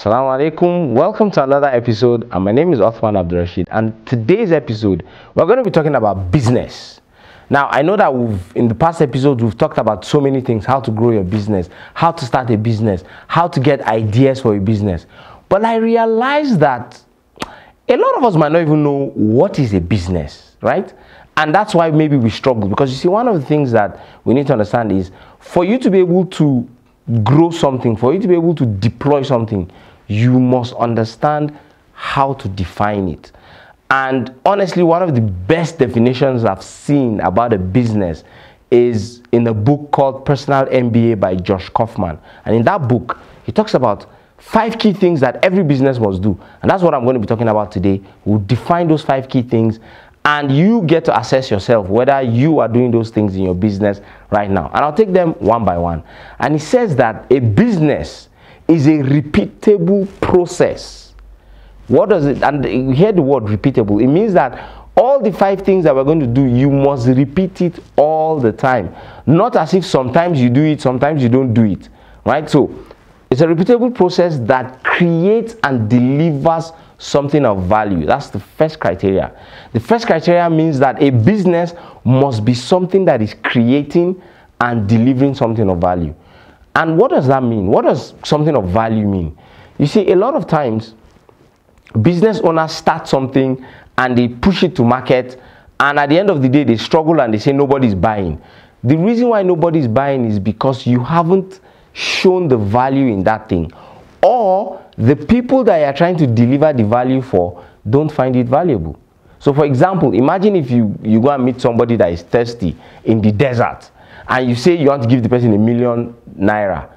Assalamu alaikum, welcome to another episode and my name is Othman Abdurashid. and today's episode we're going to be talking about business. Now I know that we've in the past episodes we've talked about so many things, how to grow your business, how to start a business, how to get ideas for a business. But I realized that a lot of us might not even know what is a business, right? And that's why maybe we struggle because you see one of the things that we need to understand is for you to be able to grow something, for you to be able to deploy something, you must understand how to define it. And honestly, one of the best definitions I've seen about a business is in a book called Personal MBA by Josh Kaufman. And in that book, he talks about five key things that every business must do. And that's what I'm going to be talking about today. We'll define those five key things and you get to assess yourself whether you are doing those things in your business right now. And I'll take them one by one. And he says that a business is a repeatable process. What does it, and you hear the word repeatable, it means that all the five things that we're going to do, you must repeat it all the time. Not as if sometimes you do it, sometimes you don't do it, right? So it's a repeatable process that creates and delivers something of value. That's the first criteria. The first criteria means that a business must be something that is creating and delivering something of value. And what does that mean? What does something of value mean? You see, a lot of times, business owners start something and they push it to market, and at the end of the day, they struggle and they say nobody's buying. The reason why nobody's buying is because you haven't shown the value in that thing, or the people that you're trying to deliver the value for don't find it valuable. So, for example, imagine if you, you go and meet somebody that is thirsty in the desert and you say you want to give the person a million naira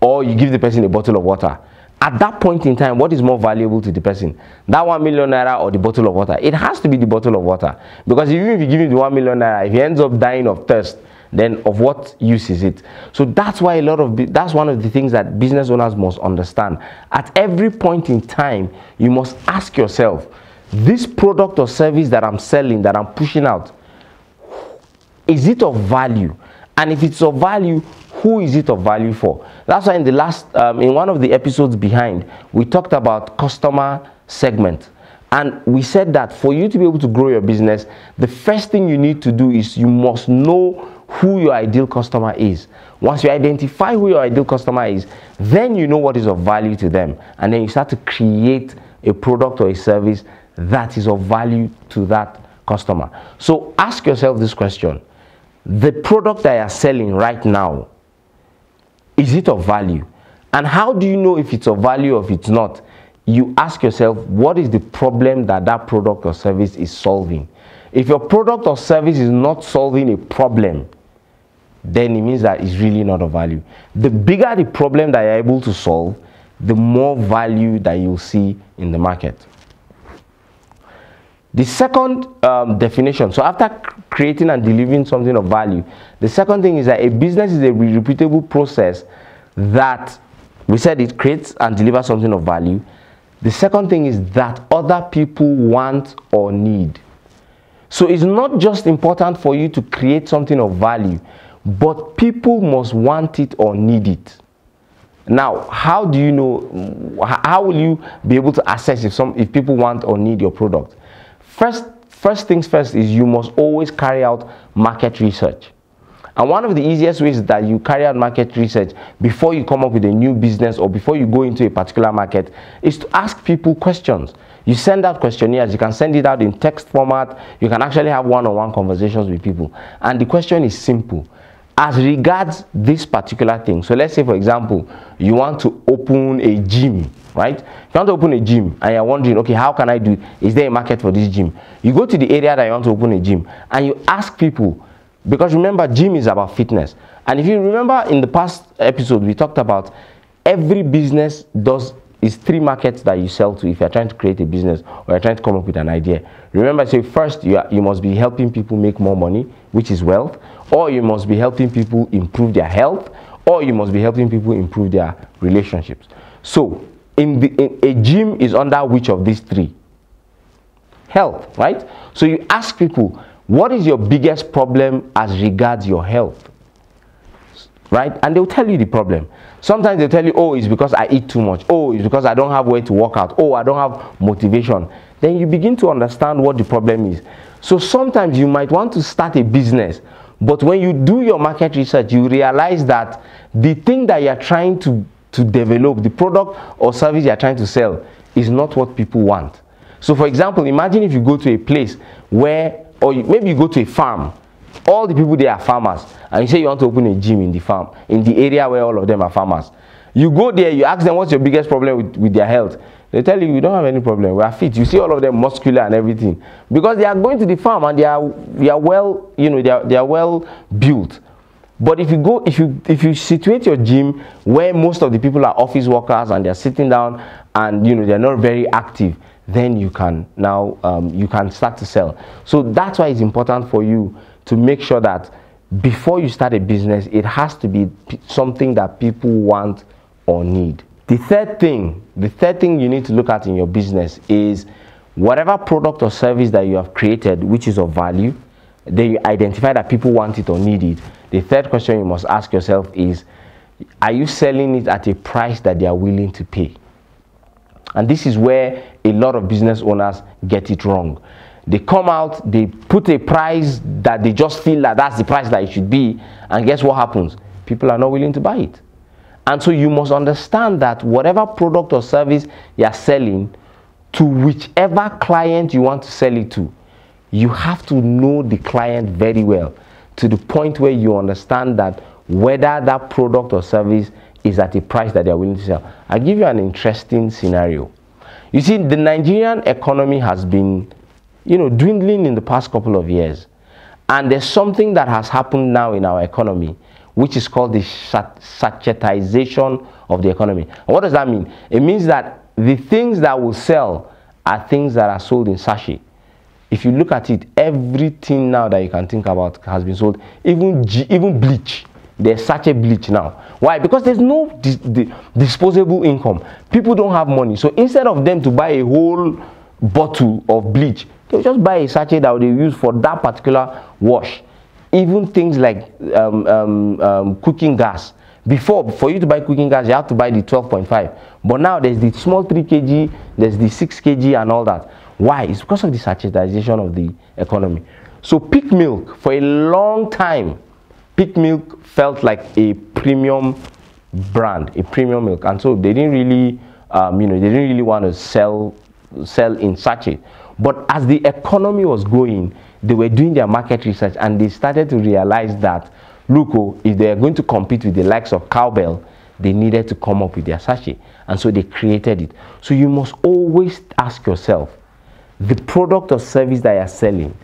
or you give the person a bottle of water at that point in time what is more valuable to the person that one million naira or the bottle of water it has to be the bottle of water because even if you give him the one million naira if he ends up dying of thirst then of what use is it so that's why a lot of that's one of the things that business owners must understand at every point in time you must ask yourself this product or service that i'm selling that i'm pushing out is it of value and if it's of value who is it of value for that's why in the last um, in one of the episodes behind we talked about customer segment and we said that for you to be able to grow your business the first thing you need to do is you must know who your ideal customer is once you identify who your ideal customer is then you know what is of value to them and then you start to create a product or a service that is of value to that customer so ask yourself this question the product that you're selling right now, is it of value? And how do you know if it's of value or if it's not? You ask yourself, what is the problem that that product or service is solving? If your product or service is not solving a problem, then it means that it's really not of value. The bigger the problem that you're able to solve, the more value that you'll see in the market. The second um, definition, so after creating and delivering something of value. The second thing is that a business is a repeatable process that we said it creates and delivers something of value. The second thing is that other people want or need. So it's not just important for you to create something of value, but people must want it or need it. Now, how do you know, how will you be able to assess if, some, if people want or need your product? First first things first is you must always carry out market research. And one of the easiest ways that you carry out market research before you come up with a new business or before you go into a particular market is to ask people questions. You send out questionnaires, you can send it out in text format, you can actually have one-on-one -on -one conversations with people. And the question is simple. As regards this particular thing, so let's say for example, you want to open a gym right? If you want to open a gym and you're wondering, okay, how can I do? Is there a market for this gym? You go to the area that you want to open a gym and you ask people, because remember, gym is about fitness. And if you remember in the past episode, we talked about every business does is three markets that you sell to if you're trying to create a business or you're trying to come up with an idea. Remember, so first you, are, you must be helping people make more money, which is wealth, or you must be helping people improve their health, or you must be helping people improve their relationships. So in, the, in a gym is under which of these three? Health, right? So you ask people, what is your biggest problem as regards your health? Right? And they'll tell you the problem. Sometimes they tell you, oh, it's because I eat too much. Oh, it's because I don't have way to work out. Oh, I don't have motivation. Then you begin to understand what the problem is. So sometimes you might want to start a business, but when you do your market research, you realize that the thing that you're trying to to develop the product or service you are trying to sell is not what people want. So for example, imagine if you go to a place where, or you, maybe you go to a farm, all the people there are farmers, and you say you want to open a gym in the farm, in the area where all of them are farmers. You go there, you ask them what's your biggest problem with, with their health. They tell you, we don't have any problem, we are fit. You see all of them muscular and everything. Because they are going to the farm and they are, they are well, you know, they are, they are well built. But if you go, if you if you situate your gym where most of the people are office workers and they're sitting down and you know they're not very active, then you can now um, you can start to sell. So that's why it's important for you to make sure that before you start a business, it has to be something that people want or need. The third thing, the third thing you need to look at in your business is whatever product or service that you have created, which is of value, then you identify that people want it or need it. The third question you must ask yourself is Are you selling it at a price that they are willing to pay? And this is where a lot of business owners get it wrong. They come out, they put a price that they just feel that that's the price that it should be, and guess what happens? People are not willing to buy it. And so you must understand that whatever product or service you are selling, to whichever client you want to sell it to, you have to know the client very well to the point where you understand that whether that product or service is at a price that they are willing to sell. I'll give you an interesting scenario. You see, the Nigerian economy has been, you know, dwindling in the past couple of years. And there's something that has happened now in our economy, which is called the sachetization of the economy. And what does that mean? It means that the things that will sell are things that are sold in sachet if you look at it, everything now that you can think about has been sold. Even G, even bleach. There's such a bleach now. Why? Because there's no disposable income. People don't have money. So instead of them to buy a whole bottle of bleach, they'll just buy a sachet that they use for that particular wash. Even things like um, um, um, cooking gas. Before, for you to buy cooking gas, you have to buy the 12.5. But now there's the small 3 kg, there's the 6 kg and all that. Why? It's because of the satirization of the economy. So peak milk, for a long time, peak milk felt like a premium brand, a premium milk. And so they didn't really, um, you know, they didn't really want to sell, sell in sachet. But as the economy was going, they were doing their market research and they started to realize that, look, oh, if they are going to compete with the likes of Cowbell, they needed to come up with their sachet. And so they created it. So you must always ask yourself, the product or service that you're selling,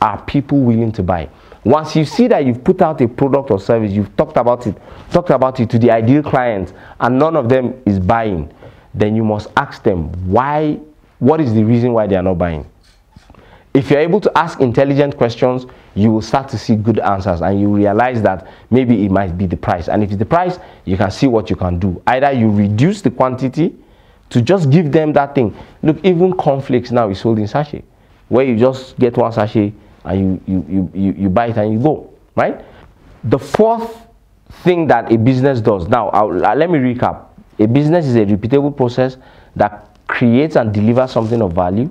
are people willing to buy? Once you see that you've put out a product or service, you've talked about it, talked about it to the ideal client, and none of them is buying, then you must ask them why, what is the reason why they are not buying? If you're able to ask intelligent questions, you will start to see good answers and you realize that maybe it might be the price. And if it's the price, you can see what you can do. Either you reduce the quantity to just give them that thing. Look, even conflicts now is sold in sachet, where you just get one sachet and you, you, you, you, buy it and you go, right? The fourth thing that a business does, now I'll, uh, let me recap. A business is a repeatable process that creates and delivers something of value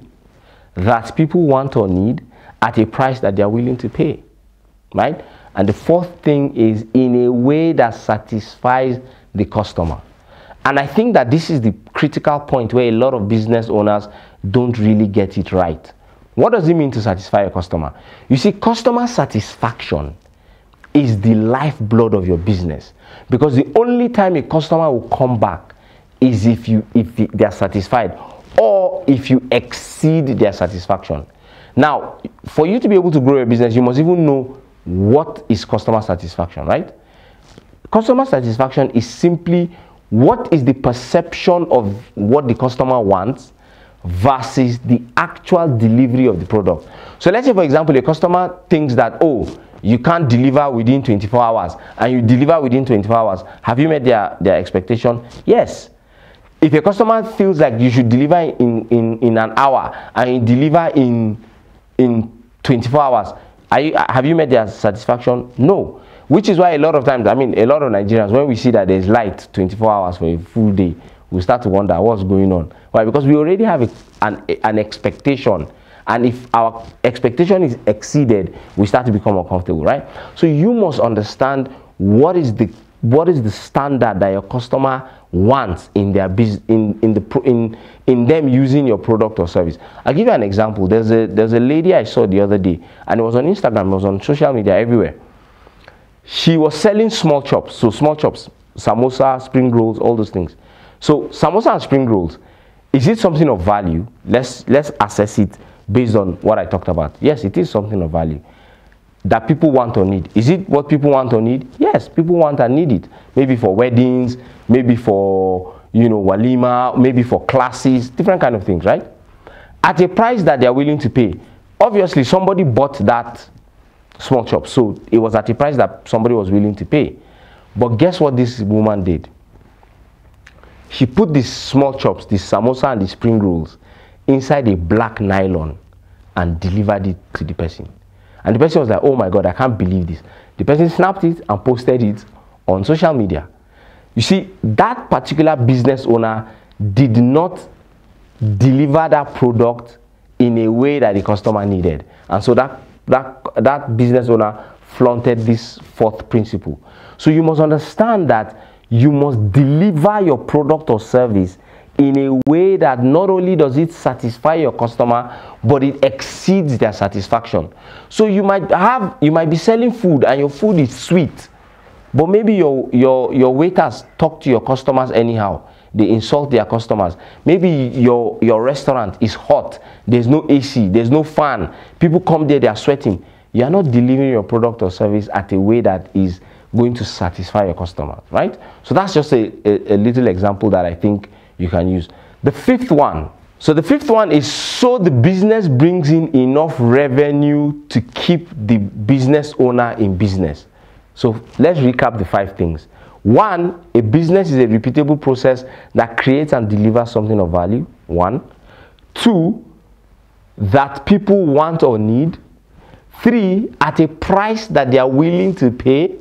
that people want or need at a price that they are willing to pay, right? And the fourth thing is in a way that satisfies the customer. And I think that this is the critical point where a lot of business owners don't really get it right. What does it mean to satisfy a customer? You see, customer satisfaction is the lifeblood of your business because the only time a customer will come back is if you if they are satisfied or if you exceed their satisfaction. Now, for you to be able to grow your business, you must even know what is customer satisfaction, right? Customer satisfaction is simply what is the perception of what the customer wants versus the actual delivery of the product. So let's say, for example, a customer thinks that, oh, you can't deliver within 24 hours and you deliver within 24 hours. Have you met their, their expectation? Yes. If a customer feels like you should deliver in, in, in an hour and you deliver in, in 24 hours, you, have you met their satisfaction? No. Which is why a lot of times, I mean, a lot of Nigerians, when we see that there's light 24 hours for a full day, we start to wonder what's going on. Why? Because we already have an, an expectation. And if our expectation is exceeded, we start to become uncomfortable, right? So you must understand what is the what is the standard that your customer wants in their business in in the in in them using your product or service i'll give you an example there's a there's a lady i saw the other day and it was on instagram it was on social media everywhere she was selling small chops. So small chops, samosa, spring rolls, all those things. So samosa and spring rolls, is it something of value? Let's, let's assess it based on what I talked about. Yes, it is something of value that people want or need. Is it what people want or need? Yes, people want and need it. Maybe for weddings, maybe for, you know, walima, maybe for classes, different kind of things, right? At a price that they are willing to pay. Obviously, somebody bought that small shop. So it was at a price that somebody was willing to pay. But guess what this woman did? She put these small chops, the samosa and the spring rolls, inside a black nylon and delivered it to the person. And the person was like, oh my God, I can't believe this. The person snapped it and posted it on social media. You see, that particular business owner did not deliver that product in a way that the customer needed. And so that that, that business owner flaunted this fourth principle. So you must understand that you must deliver your product or service in a way that not only does it satisfy your customer but it exceeds their satisfaction so you might have you might be selling food and your food is sweet but maybe your your your waiters talk to your customers anyhow they insult their customers maybe your your restaurant is hot there's no ac there's no fan people come there they are sweating you are not delivering your product or service at a way that is going to satisfy your customers right so that's just a, a, a little example that i think you can use the fifth one so the fifth one is so the business brings in enough revenue to keep the business owner in business so let's recap the five things one, a business is a repeatable process that creates and delivers something of value. One. Two, that people want or need. Three, at a price that they are willing to pay.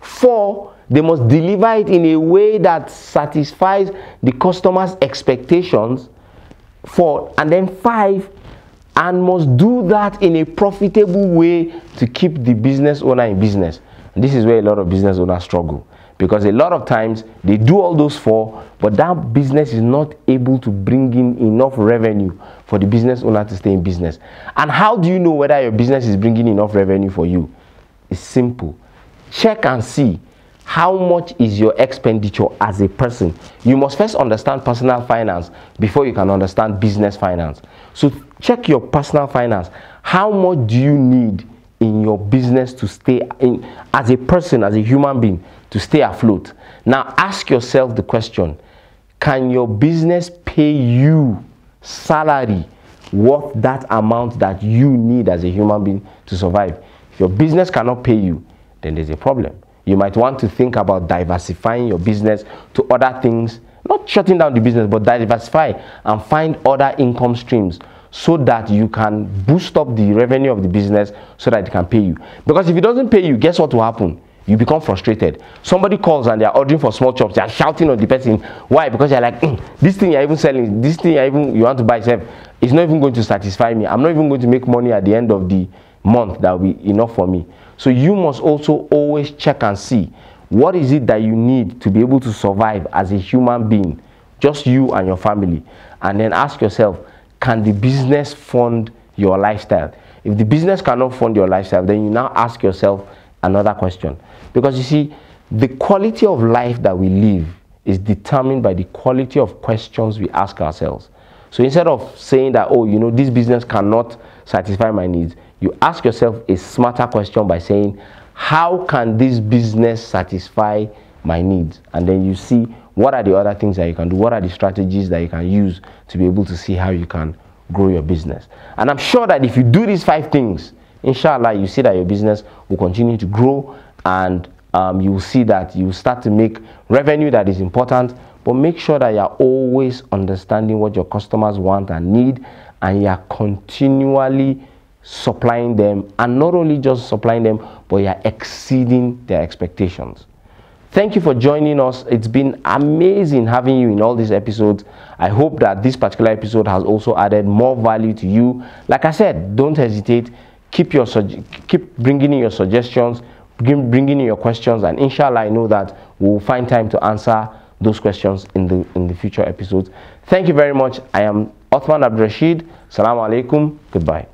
Four, they must deliver it in a way that satisfies the customer's expectations. Four, and then five, and must do that in a profitable way to keep the business owner in business. And this is where a lot of business owners struggle because a lot of times they do all those four but that business is not able to bring in enough revenue for the business owner to stay in business and how do you know whether your business is bringing enough revenue for you it's simple check and see how much is your expenditure as a person you must first understand personal finance before you can understand business finance so check your personal finance how much do you need in your business to stay in as a person, as a human being, to stay afloat. Now ask yourself the question can your business pay you salary worth that amount that you need as a human being to survive? If your business cannot pay you, then there's a problem. You might want to think about diversifying your business to other things, not shutting down the business, but diversify and find other income streams so that you can boost up the revenue of the business so that it can pay you. Because if it doesn't pay you, guess what will happen? You become frustrated. Somebody calls and they're ordering for small chops. They're shouting on the person. Why? Because they're like, mm, this thing you're even selling, this thing you even you want to buy, it's not even going to satisfy me. I'm not even going to make money at the end of the month that will be enough for me. So you must also always check and see what is it that you need to be able to survive as a human being, just you and your family. And then ask yourself, can the business fund your lifestyle? If the business cannot fund your lifestyle, then you now ask yourself another question. Because you see, the quality of life that we live is determined by the quality of questions we ask ourselves. So instead of saying that, oh, you know, this business cannot satisfy my needs, you ask yourself a smarter question by saying, how can this business satisfy my needs? And then you see what are the other things that you can do? What are the strategies that you can use to be able to see how you can grow your business? And I'm sure that if you do these five things, inshallah, you see that your business will continue to grow and um, you will see that you start to make revenue that is important. But make sure that you're always understanding what your customers want and need and you're continually supplying them and not only just supplying them, but you're exceeding their expectations. Thank you for joining us. It's been amazing having you in all these episodes. I hope that this particular episode has also added more value to you. Like I said, don't hesitate. Keep your keep bringing in your suggestions, bringing in your questions, and inshallah, I know that we'll find time to answer those questions in the in the future episodes. Thank you very much. I am Othman Abdurashid. Salam alaikum. Goodbye.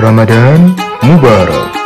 Ramadan Mubarak